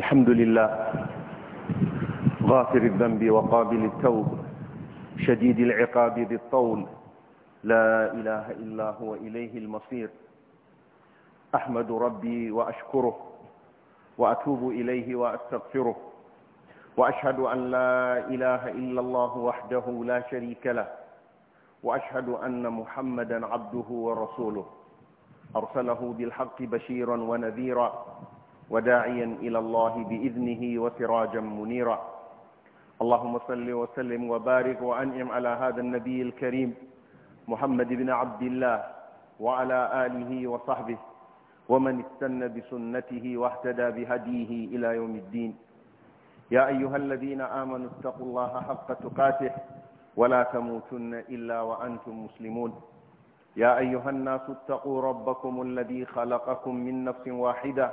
الحمد لله غافر الذنب وقابل التوب شديد العقاب ذي الطول لا إله إلا هو إليه المصير أحمد ربي وأشكره وأتوب إليه وأستغفره وأشهد أن لا إله إلا الله وحده لا شريك له وأشهد أن محمدا عبده ورسوله أرسله بالحق بشيرا ونذيرا وداعيا إلى الله بإذنه وسراجا منيرا اللهم صل وسلم وبارك وأنعم على هذا النبي الكريم محمد بن عبد الله وعلى آله وصحبه ومن استنى بسنته واهتدى بهديه إلى يوم الدين يا أيها الذين آمنوا اتقوا الله حق تقاته ولا تموتن إلا وأنتم مسلمون يا أيها الناس اتقوا ربكم الذي خلقكم من نفس واحدة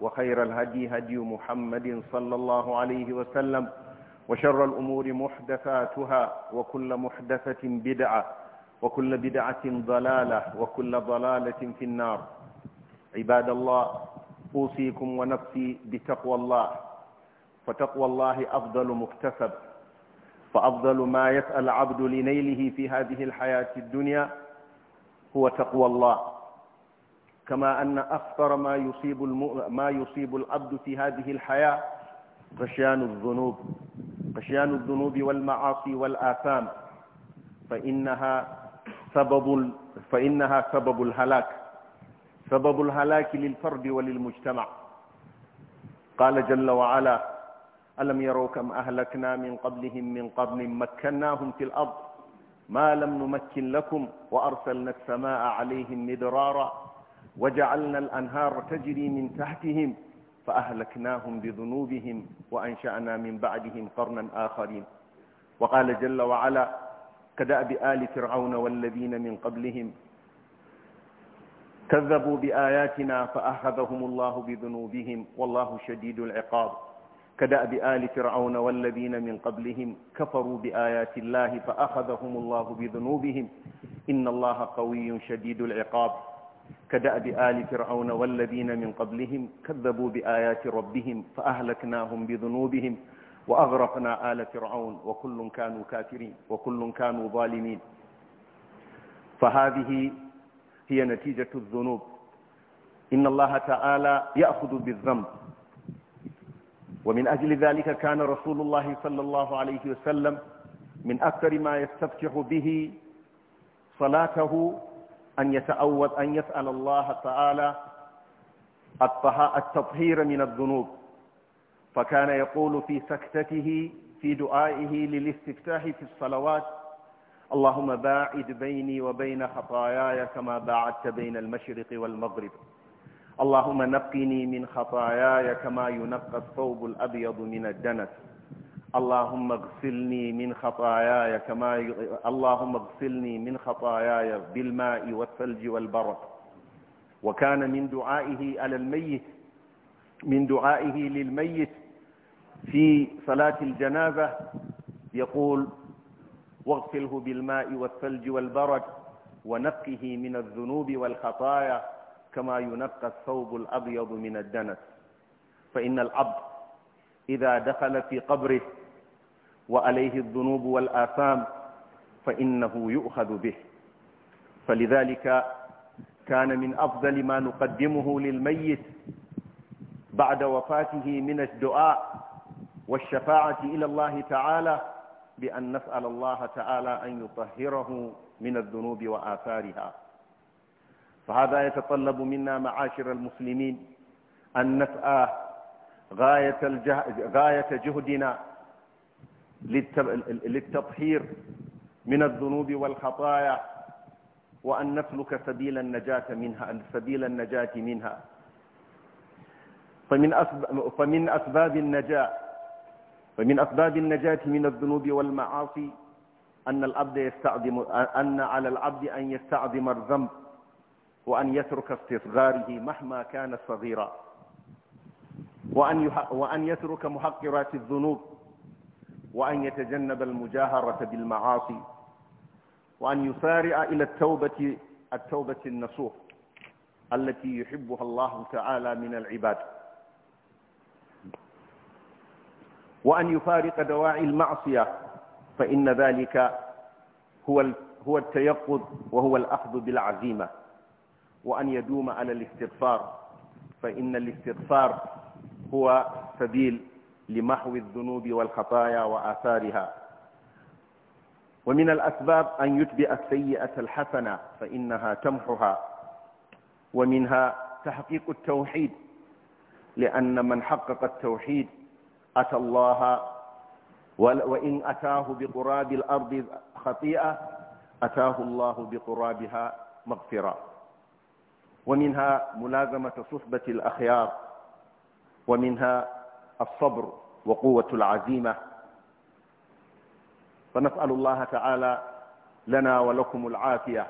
وخير الهدي هدي محمد صلى الله عليه وسلم وشر الأمور محدثاتها وكل محدثة بدعة وكل بدعة ضلالة وكل ضلالة في النار عباد الله أوصيكم ونفسي بتقوى الله فتقوى الله أفضل مكتسب فأفضل ما يسأل عبد لنيله في هذه الحياة الدنيا هو تقوى الله كما أن أخطر ما يصيب, الم... ما يصيب العبد في هذه الحياة غشيان الذنوب غشيان الذنوب والمعاصي والآثام فإنها سبب, فإنها سبب الهلاك سبب الهلاك للفرد وللمجتمع قال جل وعلا ألم يروا كم أهلكنا من قبلهم من قرن مكناهم في الأرض ما لم نمكن لكم وأرسلنا السماء عليهم مدرارا وجعلنا الأنهار تجري من تحتهم فأهلكناهم بذنوبهم وأنشأنا من بعدهم قرنا آخرين وقال جل وعلا كدأب آل فرعون والذين من قبلهم كذبوا بآياتنا فأخذهم الله بذنوبهم والله شديد العقاب كدأب آل فرعون والذين من قبلهم كفروا بآيات الله فأخذهم الله بذنوبهم إن الله قوي شديد العقاب كدأب آل فرعون والذين من قبلهم كذبوا بآيات ربهم فأهلكناهم بذنوبهم وأغرقنا آل فرعون وكل كانوا كافرين وكل كانوا ظالمين فهذه هي نتيجة الذنوب إن الله تعالى يأخذ بالذنب ومن أجل ذلك كان رسول الله صلى الله عليه وسلم من أكثر ما يستفتح به صلاته أن يتأوض أن يسأل الله تعالى التطهير من الذنوب فكان يقول في سكتته في دعائه للاستفتاح في الصلوات اللهم باعد بيني وبين خطاياي كما باعدت بين المشرق والمغرب اللهم نقني من خطاياي كما ينقى الثوب الأبيض من الدنس اللهم اغسلني من خطاياي كما اللهم اغسلني من خطاياي بالماء والثلج والبرد وكان من دعائه على الميت من دعائه للميت في صلاة الجنازة يقول واغسله بالماء والثلج والبرد ونقه من الذنوب والخطايا كما ينقى الثوب الأبيض من الدنس فإن العبد إذا دخل في قبره وعليه الذنوب والآثام فإنه يؤخذ به فلذلك كان من أفضل ما نقدمه للميت بعد وفاته من الدعاء والشفاعة إلى الله تعالى بأن نسأل الله تعالى أن يطهره من الذنوب وآثارها فهذا يتطلب منا معاشر المسلمين أن نسأل غاية, غاية جهدنا للتطهير من الذنوب والخطايا وأن نسلك سبيل النجاة منها سبيل النجاة منها فمن أسباب فمن أسباب النجاة فمن أسباب النجاة من الذنوب والمعاصي أن العبد يستعظم أن على العبد أن يستعظم الذنب وأن يترك استصغاره مهما كان صغيرا وأن وأن يترك محقرات الذنوب وأن يتجنب المجاهرة بالمعاصي وأن يسارع إلى التوبة التوبة النصوح التي يحبها الله تعالى من العباد وأن يفارق دواعي المعصية فإن ذلك هو هو التيقظ وهو الأخذ بالعزيمة وأن يدوم على الاستغفار فإن الاستغفار هو سبيل لمحو الذنوب والخطايا وآثارها ومن الأسباب أن يتبع السيئة الحسنة فإنها تمحها ومنها تحقيق التوحيد لأن من حقق التوحيد أتى الله وإن أتاه بقراب الأرض خطيئة أتاه الله بقرابها مغفرة ومنها ملازمة صحبة الأخيار ومنها الصبر وقوة العزيمة فنسأل الله تعالى لنا ولكم العافية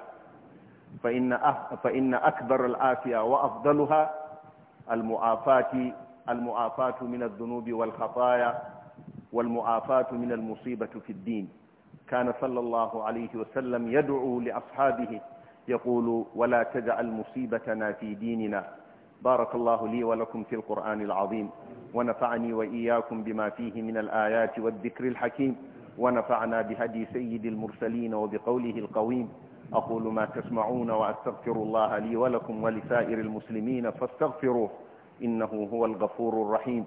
فإن, أه فإن أكبر العافية وأفضلها المعافاة المعافاة من الذنوب والخطايا والمعافاة من المصيبة في الدين كان صلى الله عليه وسلم يدعو لأصحابه يقول ولا تجعل مصيبتنا في ديننا بارك الله لي ولكم في القرآن العظيم ونفعني وإياكم بما فيه من الآيات والذكر الحكيم ونفعنا بهدي سيد المرسلين وبقوله القويم أقول ما تسمعون وأستغفر الله لي ولكم ولسائر المسلمين فاستغفروه إنه هو الغفور الرحيم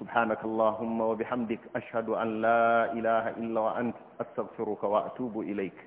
سبحانك اللهم وبحمدك أشهد أن لا إله إلا وأنت أستغفرك وأتوب إليك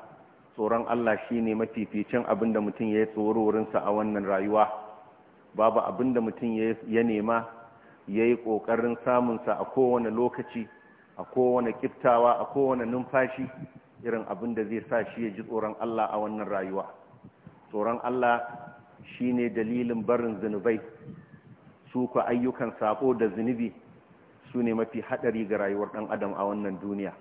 tsoron Allah shine mafi abin abinda mutum ya yi tsororinsa a wannan rayuwa babu abin da mutum ya nema ya yi ƙoƙarin samunsa a kowane lokaci a kowane ƙiftawa a kowane numfashi irin abinda zai sa shi ya ji tsoron Allah a wannan rayuwa tsoron Allah shine dalilin barin zunubai su ku ayyukan sako da zunubi su ne mafi haɗari ga rayuwar ɗan adam a wannan duniya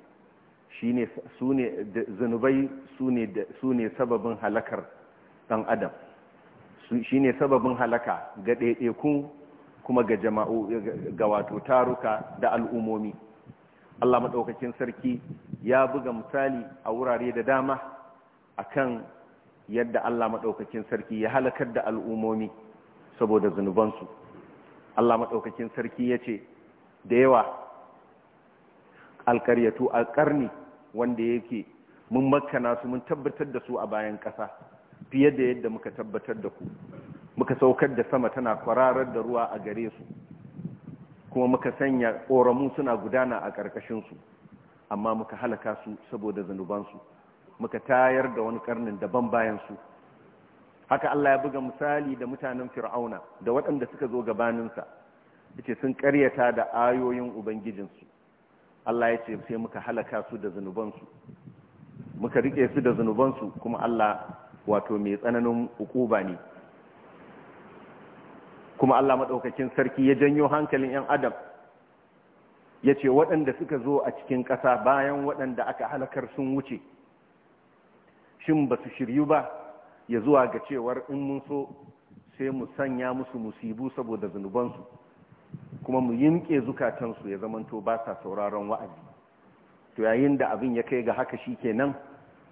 zunubai su ne sababin halakar ɗan adam shi ne sababin halaka ga ɗaiɗaikun kuma ga jama'o ga wato taruka da al'umomi Allah maɗaukakin sarki ya buga misali a wurare da dama a kan yadda Allah maɗaukakin sarki ya halakar da al'umomi saboda zunubansu Allah maɗaukakin sarki ya ce da yawa alkaryatu a ƙarni wanda yake mun makana su mun tabbatar da su a bayan ƙasa fiye da yadda muka tabbatar da ku muka saukar da sama tana kwararar da ruwa a gare su kuma muka sanya ƙoramu suna gudana a ƙarƙashinsu amma muka halaka su saboda zanubansu muka tayar da wani karnin daban bayansu haka Allah ya buga misali da mutanen fir'auna da waɗanda suka zo gabaninsa yace sun ƙaryata da ayoyin ubangijinsu Allah ya ce sai muka halaka su da zunubansu muka rike su da zunubansu kuma Allah wato mai tsananin ukuba ne kuma Allah madaukakin sarki ya janyo hankalin yan adam ya ce waɗanda suka zo a cikin ƙasa bayan waɗanda aka halakar sun wuce shin ba su shiryu ba ya zuwa ga cewar in mun so sai mu sanya musu musibu saboda zunubansu kuma mu yinke zukatansu ya zamanto ba sa sauraron wa'azi to yayin da abin ya kai ga haka shi kenan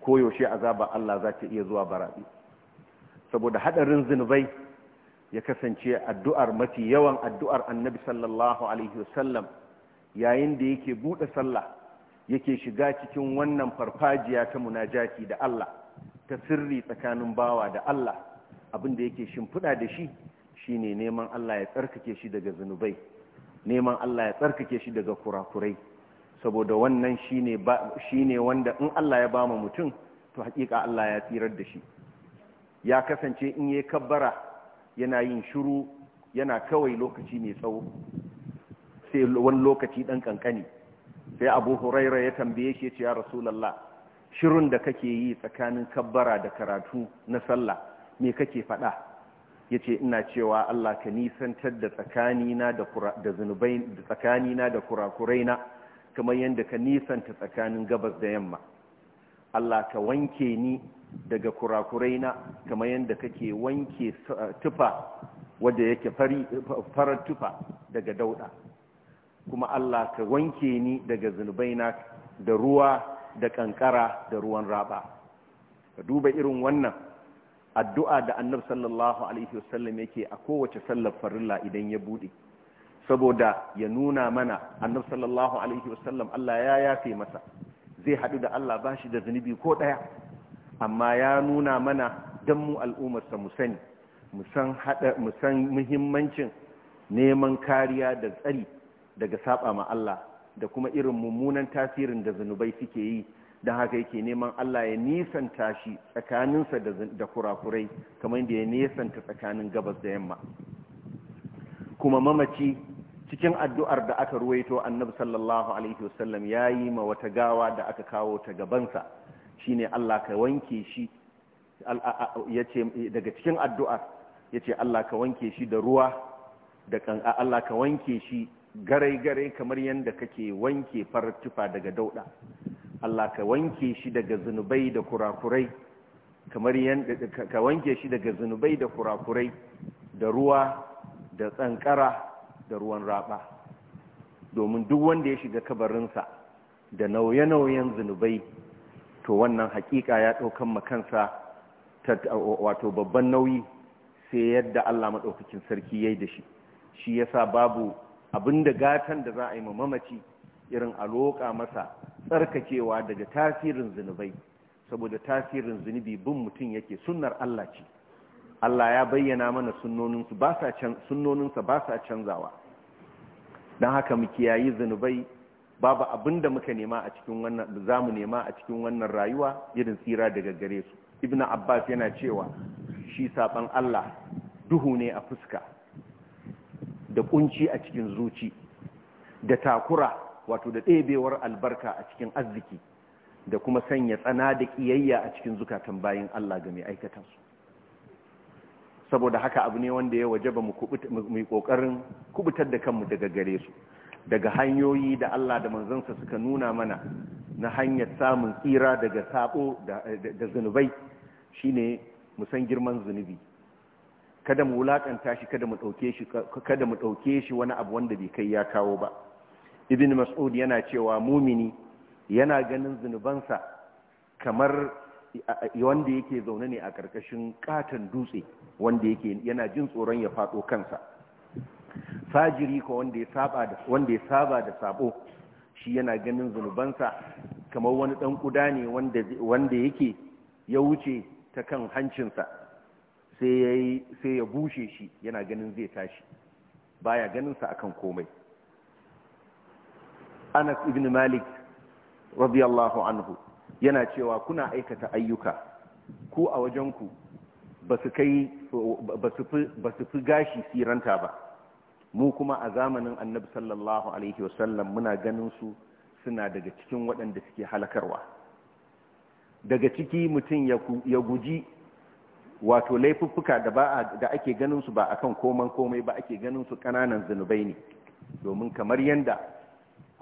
koyaushe azaba Allah za ta iya zuwa barabi saboda hadarin zunubai ya kasance addu'ar mafi yawan addu'ar annabi sallallahu alaihi wasallam yayin da yake buɗe sallah yake shiga cikin wannan farfajiya ta munajati da Allah ta sirri tsakanin bawa da Allah abin da yake shimfiɗa da shi shine neman Allah ya tsarkake shi daga zunubai neman Allah ya tsarkake shi daga kurakurai saboda wannan shine wanda in Allah ya bama mutum to hakika Allah ya tsirar da shi ya kasance in yayi kabbara yana yin shiru yana kawai lokaci mai tsawo sai wani lokaci dan kankani sai Abu Huraira ya tambaye shi ya Rasulullah shirun da kake yi tsakanin kabbara da karatu na sallah me kake faɗa ya ce ina cewa Allah ka nisantar da tsakanina da tsakanina kurakuraina kamar yadda ka nisanta tsakanin gabas da yamma Allah ka wanke ni daga kurakuraina kamar yadda kake wanke eh, tufa wadda yake farar tufa daga dauɗa kuma Allah ka wanke ni daga zunubaina da ruwa da ƙanƙara da ruwan raba ka duba irin wannan addu'a da annabi sallallahu alaihi wasallam yake a kowace sallar farilla idan ya buɗe saboda ya nuna mana annab sallallahu alaihi wasallam Allah ya yafe masa zai haɗu da Allah ba shi da zunubi ko ɗaya amma ya nuna mana don mu al'ummarsa musani mu muhimmancin neman kariya da tsari daga saba ma Allah da kuma irin mummunan tasirin da zunubai suke yi don haka yake neman Allah ya nisanta shi tsakaninsa da kurakurai kamar da ya nisanta tsakanin gabas da yamma kuma mamaci cikin addu'ar da aka ruwaito annabi sallallahu alaihi wasallam ya yi ma wata gawa da aka kawo ta gabansa shi ne Allah ka wanke shi daga cikin addu'ar ya ce Allah ka wanke shi da ruwa da Allah ka wanke shi garai-garai kamar yadda kake wanke farar tufa daga dauɗa Allah ka wanke shi daga zunubai da kurakurai kamar ka wanke shi daga zunubai da kurakurai da ruwa da tsankara da ruwan raba domin duk wanda ya shiga kabarinsa da nauye-nauyen zunubai to wannan hakika ya ɗaukan makansa wato babban nauyi sai yadda Allah maɗaukakin sarki ya yi da shi shi yasa babu abin da gatan da za a yi mamaci irin a roƙa masa tsarkakewa daga tasirin zunubai saboda tasirin zunubi bin mutum yake sunar Allah ce Allah ya bayyana mana sunnoninsa ba sa canzawa don haka mu kiyayi zunubai babu abin da muka nema a cikin wannan za mu nema a cikin wannan rayuwa irin tsira daga gare su ibn abbas yana cewa shi saban Allah duhu ne a fuska da kunci a cikin zuci da takura wato da ɗebewar albarka a cikin arziki da kuma sanya tsana da ƙiyayya a cikin zukatan bayan Allah ga mai aikatansu saboda haka abu ne wanda ya waje ba mu ƙoƙarin kubutar da kanmu daga gare su daga hanyoyi da Allah da manzansa suka nuna mana na hanyar samun tsira daga saɓo da zunubai shine ne musan girman zunubi kada mu wulakanta shi kada mu ɗauke shi wani abu wanda bai kai ya kawo ba ibn mas'ud yana cewa mumini yana ganin zunubansa kamar wanda yake zaune ne a ƙarƙashin katon dutse wanda yake yana jin tsoron ya faɗo kansa fajiri ko wanda ya saba da wanda sabo shi yana ganin zunubansa kamar wani dan ƙuda ne wanda yake ya wuce ta kan hancinsa sai ya bushe shi yana ganin zai tashi baya ganinsa sa akan komai Anas ibn Malik radiyallahu anhu yana cewa kuna aikata ayyuka ku a wajen ku su kai ba su fi gashi siranta ba mu kuma a zamanin annabi sallallahu alaihi wasallam muna ganin su suna daga cikin waɗanda suke halakarwa daga ciki mutum ya guji wato laifuffuka da ba da ake ganin su ba akan koman komai ba ake ganin su kananan zunubai ne domin kamar yanda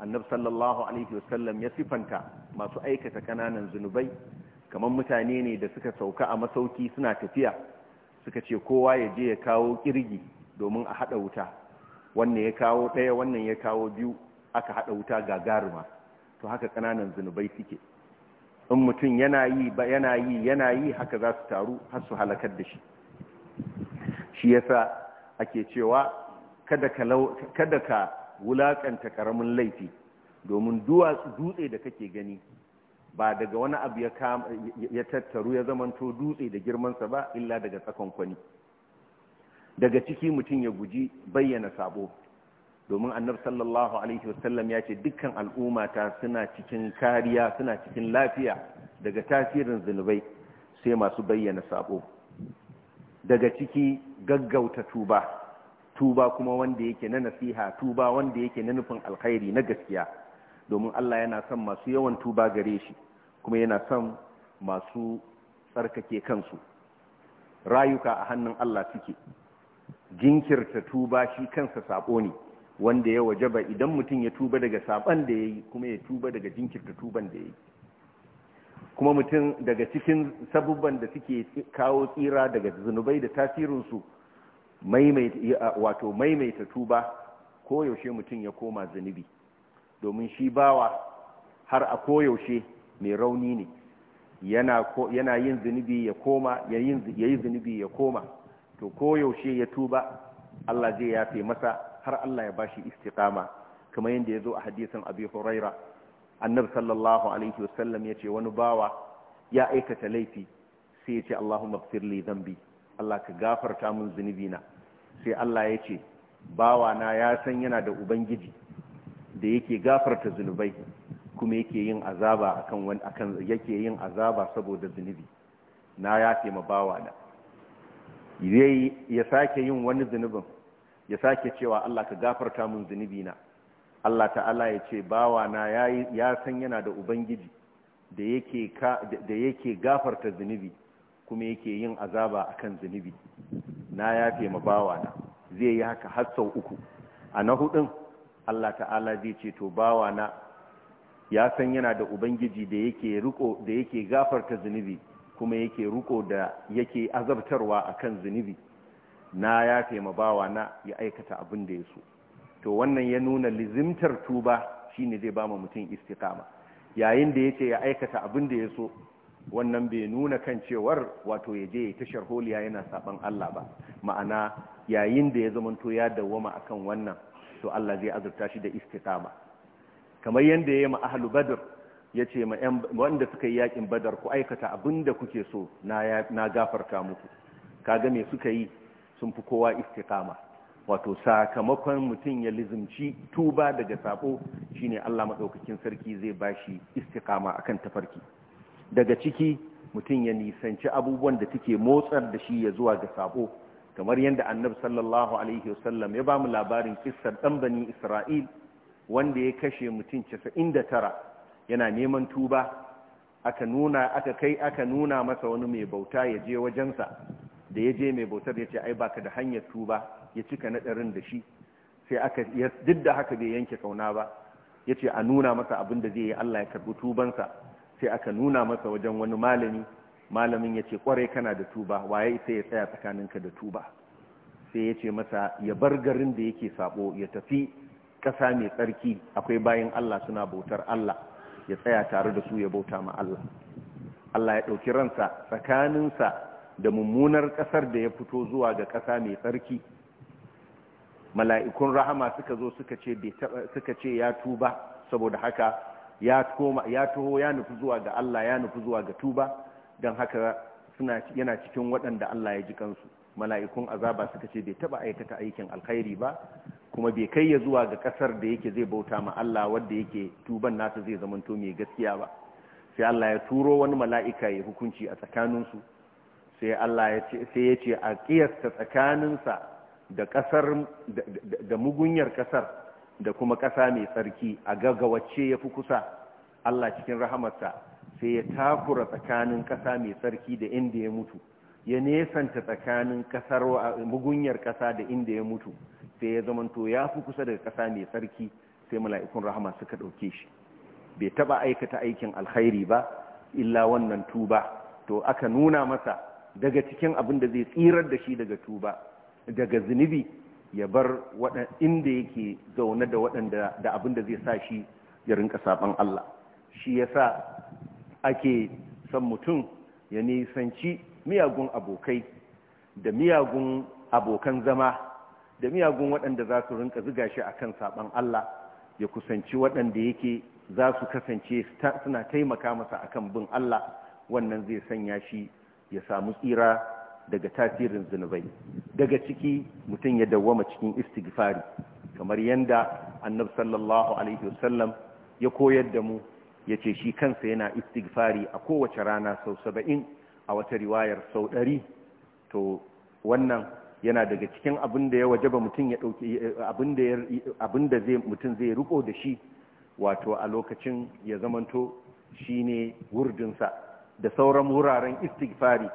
annab sallallahu alaihi wasallam ya sifanta masu aikata kananan zunubai kamar mutane ne da suka sauka a masauki suna tafiya suka ce kowa ya je ya kawo kirgi domin a hada wuta wannan ya kawo daya wannan ya kawo biyu aka hada wuta ga garuma to haka kananan zunubai suke in mutum yana yi ba yana yi yana yi haka za su taru har su halakar da shi shi yasa ake cewa kada ka Wulaƙanta ƙaramin laifi domin duwatsu dutse da kake gani ba daga wani abu ya tattaru ya zamanto dutse da girmansa ba illa daga tsakon kwani daga ciki mutum ya guji bayyana sabo domin annabi sallallahu alaihi wasallam ya ce dukkan al'ummata suna cikin kariya suna cikin lafiya daga tasirin zunubai sai masu bayyana sabo daga ciki gaggauta tuba tuba kuma wanda yake na nasiha tuba wanda yake na nufin alkhairi na gaskiya domin Allah yana son masu yawan tuba gare shi kuma yana son masu tsarkake kansu rayuka a hannun Allah suke jinkirta tuba shi kansa sabo ne wanda ya wajaba idan mutum ya tuba daga saban da yayi kuma ya tuba daga jinkirta tuban da yayi kuma mutum daga cikin sabubban da suke kawo tsira daga zunubai da tasirinsu wato maimaita tuba ko mutum ya koma zunubi domin shi bawa har a koyaushe mai rauni ne yana yin zunubi ya koma ya yi zunubi ya koma to koyaushe ya tuba Allah zai yafe masa har Allah ya bashi istiqama kamar yadda ya zo a hadisin abi huraira annab sallallahu alaihi wasallam ya ce wani bawa ya aikata laifi sai ya ce Allahumma gfirli zambi Allah ka gafarta min na. sai Allah ya ce bawana ya san yana da ubangiji da yake gafarta zunubai kuma yake yin azaba akan wani akan yake yin azaba saboda zunubi na ya tema bawana yayi ya sake yin wani zunubin ya sake cewa Allah ka gafarta mun zunubi na Allah ta'ala ya ce bawana ya san yana da ubangiji da yake gafarta zunubi kuma yake yin azaba akan zunubi na yafe ma na zai yi haka har sau uku a na hudun Allah ta'ala zai ce to bawa na ya san yana da ubangiji da yake riko da yake gafarta zunubi kuma yake riko da yake azabtarwa akan zunubi na yafe ma bawana ya aikata abin da ya so to wannan ya nuna lizimtar tuba shine zai ba mutum istiqama yayin da yace ya aikata abin da ya so wannan bai nuna kan cewar wato ya je ta sharholiya yana saban Allah ba ma'ana yayin da ya zamanto ya dawoma akan wannan to Allah zai azurta shi da istiqama kamar yanda ya ma ahlul badr yace ma wanda suka yi yakin badar ku aikata abinda kuke so na na gafarta muku kaga me suka yi sun fi kowa istiqama wato sakamakon mutum ya lizimci tuba daga sabo shine Allah madaukakin sarki zai bashi istiqama akan tafarki daga ciki mutum ya nisanci abubuwan da take motsar da shi ya zuwa ga sabo kamar yadda annabi sallallahu alaihi wasallam ya bamu labarin kissar dan bani isra'il wanda ya kashe mutum 99 yana neman tuba aka nuna aka kai aka nuna masa wani mai bauta ya je wajensa da ya je mai bautar ya ce ai baka da hanyar tuba ya cika naɗarin da shi sai aka duk da haka bai yanke kauna ba ya ce a nuna masa abin da zai yi Allah ya karbi tubansa sai aka nuna masa wajen wani malami malamin ya ce kwarai kana da tuba waye sai ya tsaya tsakaninka da tuba sai ya ce masa ya bar garin da yake sabo ya tafi kasa mai tsarki akwai bayan Allah suna bautar Allah ya tsaya tare da su ya bauta ma Allah Allah ya ɗauki ransa tsakaninsa da mummunar ƙasar da ya fito zuwa ga ƙasa mai tsarki mala'ikun rahama suka zo suka ce ya tuba saboda haka ya taho ya nufi zuwa ga Allah ya nufi zuwa ga tuba don haka yana cikin waɗanda Allah ya ji kansu mala'ikun azaba suka ce bai taba aikata aikin alkhairi ba kuma bai kai ya zuwa ga ƙasar da yake zai bauta ma Allah wadda yake tuban nasa zai zamanto mai gaskiya ba sai Allah ya turo wani mala'ika ya hukunci a tsakaninsu sai Allah ya ce a kiyasta tsakaninsa da mugunyar ƙasar da kuma ƙasa mai tsarki a gaggawace ya fi kusa Allah cikin rahamarsa sai ya takura tsakanin ƙasa mai tsarki da inda ya mutu ya nesanta tsakanin ƙasar mugunyar ƙasa da inda ya mutu sai ya zamanto ya fi kusa daga ƙasa mai tsarki sai mala'ikun rahama suka ɗauke shi bai taɓa aikata aikin alkhairi ba illa wannan tuba to aka nuna masa daga cikin abin da zai tsirar da shi daga tuba daga zunubi ya bar inda yake zaune da waɗanda da abin da zai sa shi ya rinka saban Allah shi ya sa ake san mutum ya nisanci miyagun abokai da miyagun abokan zama da miyagun waɗanda za su rinka ziga shi a kan saɓan Allah ya kusanci waɗanda yake za su kasance suna taimaka masa a kan bin Allah wannan zai sanya shi ya samu tsira daga tasirin zunubai daga ciki mutum ya dawwama cikin istighfari kamar yanda annabi sallallahu alaihi wasallam ya koyar da mu ya ce shi kansa yana istighfari a kowace rana sau saba'in a wata riwayar sau ɗari, to wannan yana daga cikin abin da ya wajaba mutum ya dauke abin da zai mutum zai riko da shi wato a lokacin ya zamanto shine wurdinsa da sauran wuraren istighfari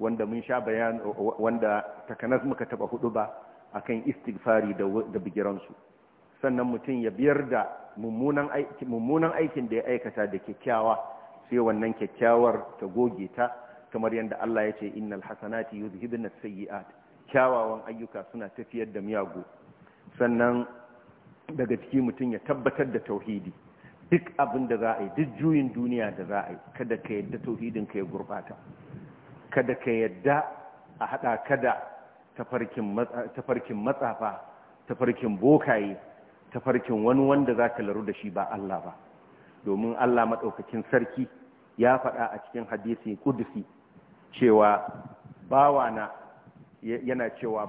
wanda mun sha bayan wanda takanas muka taba hudu ba akan istighfari da da bigiransu sannan mutum ya biyar da mummunan aikin da ya aikata da kyakkyawa sai wannan kyakkyawar ta goge ta kamar yadda Allah ya ce innal hasanati yuzhibun as-sayyi'at kyawawan ayyuka suna tafiyar da miyagu sannan daga ciki mutum ya tabbatar da tauhidi duk abin da za a yi duk juyin duniya da za a yi kada ka yadda tauhidin ka ya gurbata kada ka yadda a haɗa kada tafarkin matsafa tafarkin bokaye tafarkin wani wanda za ka laru da shi ba Allah ba domin Allah maɗaukakin sarki ya faɗa a cikin hadisi kudusi cewa bawana yana cewa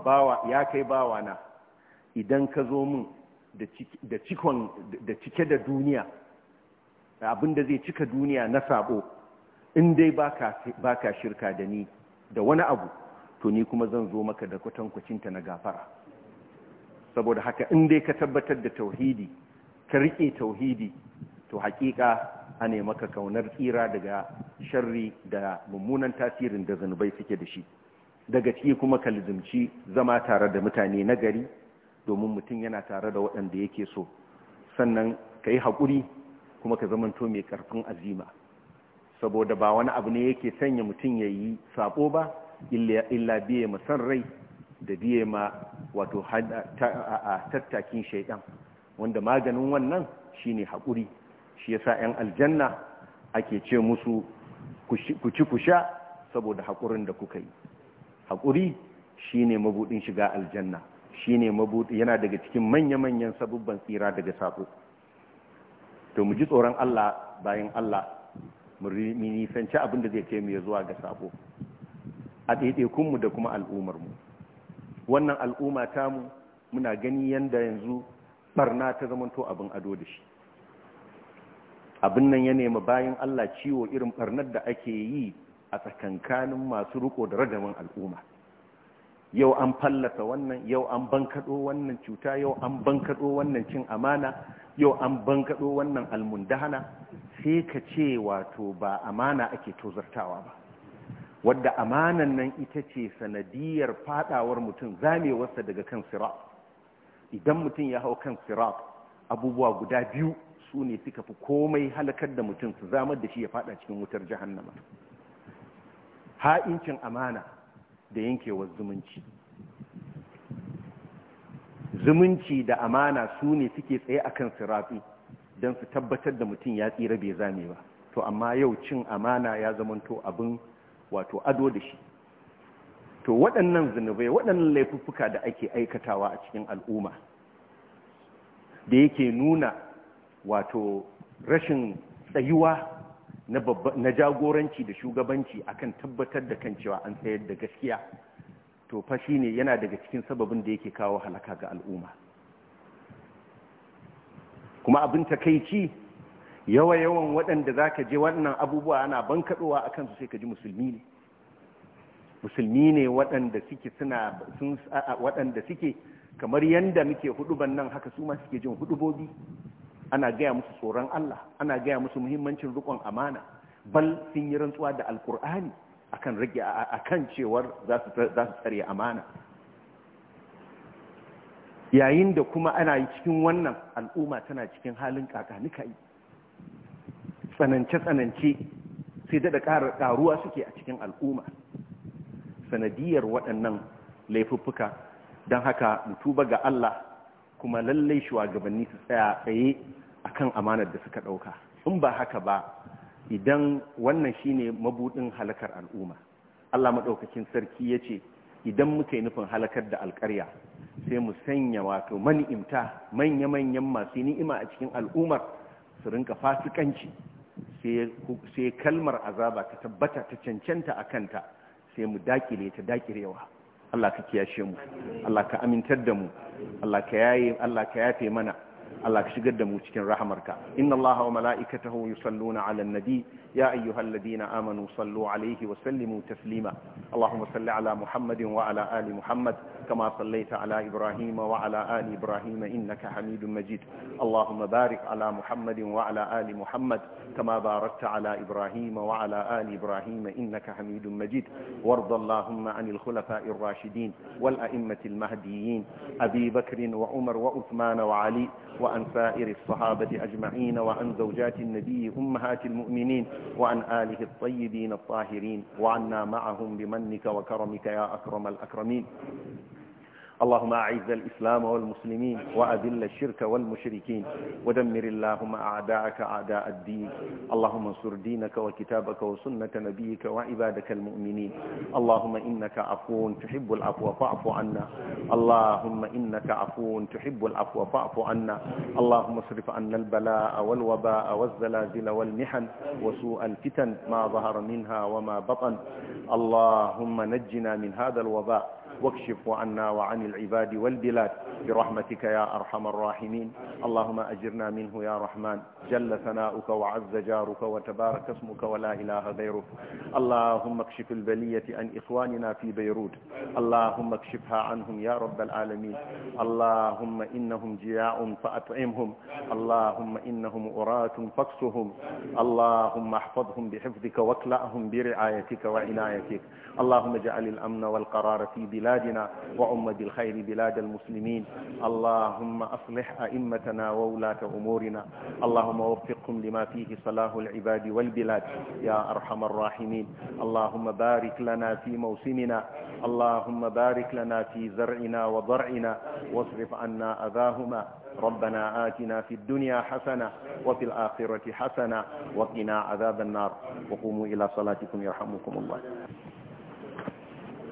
ya kai bawana idan ka zo min da cike da duniya abinda zai cika duniya na sabo in dai ba ka shirka da ni da wani abu to ni kuma zan zo maka da kwatankwacinta na gafara saboda haka in dai ka tabbatar da tauhidi ka riƙe tauhidi to haƙiƙa a ne maka kaunar tsira daga sharri da mummunan tasirin da zanubai suke da shi daga ciki kuma ka lizimci zama tare da mutane na gari domin mutum yana tare da waɗanda yake so sannan ka yi haƙuri kuma ka zamanto mai ƙarfin azima saboda ba wani abu ne yake sanya mutum ya yi sabo ba illa biye ma san rai da biye ma wato tattakin shaidan wanda maganin wannan shine haƙuri shi yasa 'yan aljanna ake ce musu ku ci ku sha saboda haƙurin da kuka yi haƙuri shi ne mabuɗin shiga aljanna ne mabuɗi yana daga cikin manya-manyan sabubban tsira daga sabo to mu ji tsoron Allah bayan Allah mu nisanci abin da zai kai mu zuwa ga sabo a ɗaiɗaikunmu da kuma mu. wannan al'umma tamu muna gani yadda yanzu ɓarna ta zamanto abin ado da shi abin nan ya nema bayan Allah ciwo irin ɓarnar da ake yi a tsakankanin masu riko da ragamin al'umma yau an fallasa wannan yau an bankaɗo wannan cuta yau an bankaɗo wannan cin amana yau an bankaɗo wannan almundahana sai ka ce wato ba amana ake tozartawa ba wadda amanan nan ita ce sanadiyar fadawar mutum zamewarsa daga kan sirat idan mutum ya hau kan sirat abubuwa guda biyu su ne suka fi komai halakar da mutum su zamar da shi ya fada cikin wutar jahannama ha'incin amana da yankewar zumunci zumunci da amana su ne suke tsaye akan siratsi don su tabbatar da mutum ya tsira bai zame ba to amma yau cin amana ya zamanto abin wato ado da shi to waɗannan zunubai waɗannan laifuffuka da ake aikatawa a cikin al'umma da yake nuna wato rashin tsayuwa na jagoranci da shugabanci akan tabbatar da kan cewa an tsayar da gaskiya to fa ne yana daga cikin sababin da yake kawo halaka ga al'umma kuma abin takeici yawa yawan waɗanda zaka je wannan abubuwa ana bankaɗowa akan su sai ka ji musulmi ne musulmi ne waɗanda suke kamar yadda muke huɗuban nan haka su ma suke jin huɗubobi? ana gaya musu tsoron Allah ana gaya musu muhimmancin riƙon amana bal sun yi rantsuwa da alkur'ani akan rage akan cewar za su tsare amana yayin da kuma ana yi cikin wannan al'umma tana cikin halin kakanikai yi tsanance-tsanance sai da ƙaruwa suke a cikin al'umma sanadiyar waɗannan laifuffuka don haka mutuba ga Allah kuma lallai shugabanni su tsaya tsaye a kan amanar da suka ɗauka in ba haka ba idan wannan shine mabudin halakar al'umma Allah maɗaukakin sarki ya ce idan muka yi nufin halakar da alƙarya sai mu sanya wato mani'imta manya-manyan masu ni'ima a cikin al'ummar su rinka fasikanci sai kalmar azaba ta tabbata ta cancanta a kanta sai mu dakile ta dakirewa Allah ka kiyashe mu Allah ka amintar da mu Allah ka yaye Allah ka yafe mana Allah ka shigar da mu cikin rahamarka inna Allah wa mala'ikatahu yusalluna 'alan nabi يا أيها الذين آمنوا صلوا عليه وسلموا تسليما اللهم صل على محمد وعلى آل محمد كما صليت على إبراهيم وعلى آل إبراهيم إنك حميد مجيد اللهم بارك على محمد وعلى آل محمد كما باركت على إبراهيم وعلى آل إبراهيم إنك حميد مجيد وارض اللهم عن الخلفاء الراشدين والأئمة المهديين أبي بكر وعمر وعثمان وعلي وأن سائر الصحابة أجمعين وأن زوجات النبي أمهات المؤمنين وعن آله الطيبين الطاهرين وعنا معهم بمنك وكرمك يا أكرم الأكرمين اللهم أعز الإسلام والمسلمين وأذل الشرك والمشركين ودمر اللهم أعداءك أعداء الدين اللهم انصر دينك وكتابك وسنة نبيك وعبادك المؤمنين اللهم إنك عفو تحب العفو فاعف عنا اللهم إنك عفو تحب العفو فاعف عنا اللهم اصرف عنا البلاء والوباء والزلازل والمحن وسوء الفتن ما ظهر منها وما بطن اللهم نجنا من هذا الوباء واكشف عنا وعن العباد والبلاد برحمتك يا أرحم الراحمين اللهم أجرنا منه يا رحمن جل ثناؤك وعز جارك وتبارك اسمك ولا إله غيرك اللهم اكشف البلية عن إخواننا في بيروت اللهم اكشفها عنهم يا رب العالمين اللهم إنهم جياع فأطعمهم اللهم إنهم أراة فاكسهم اللهم احفظهم بحفظك واكلأهم برعايتك وعنايتك اللهم اجعل الأمن والقرار في بلادنا وعم بالخير بلاد المسلمين اللهم أصلح أئمتنا وولاة أمورنا اللهم وفقهم لما فيه صلاح العباد والبلاد يا أرحم الراحمين اللهم بارك لنا في موسمنا اللهم بارك لنا في زرعنا وضرعنا واصرف عنا أذاهما ربنا آتنا في الدنيا حسنة وفي الآخرة حسنة وقنا عذاب النار وقوموا إلى صلاتكم يرحمكم الله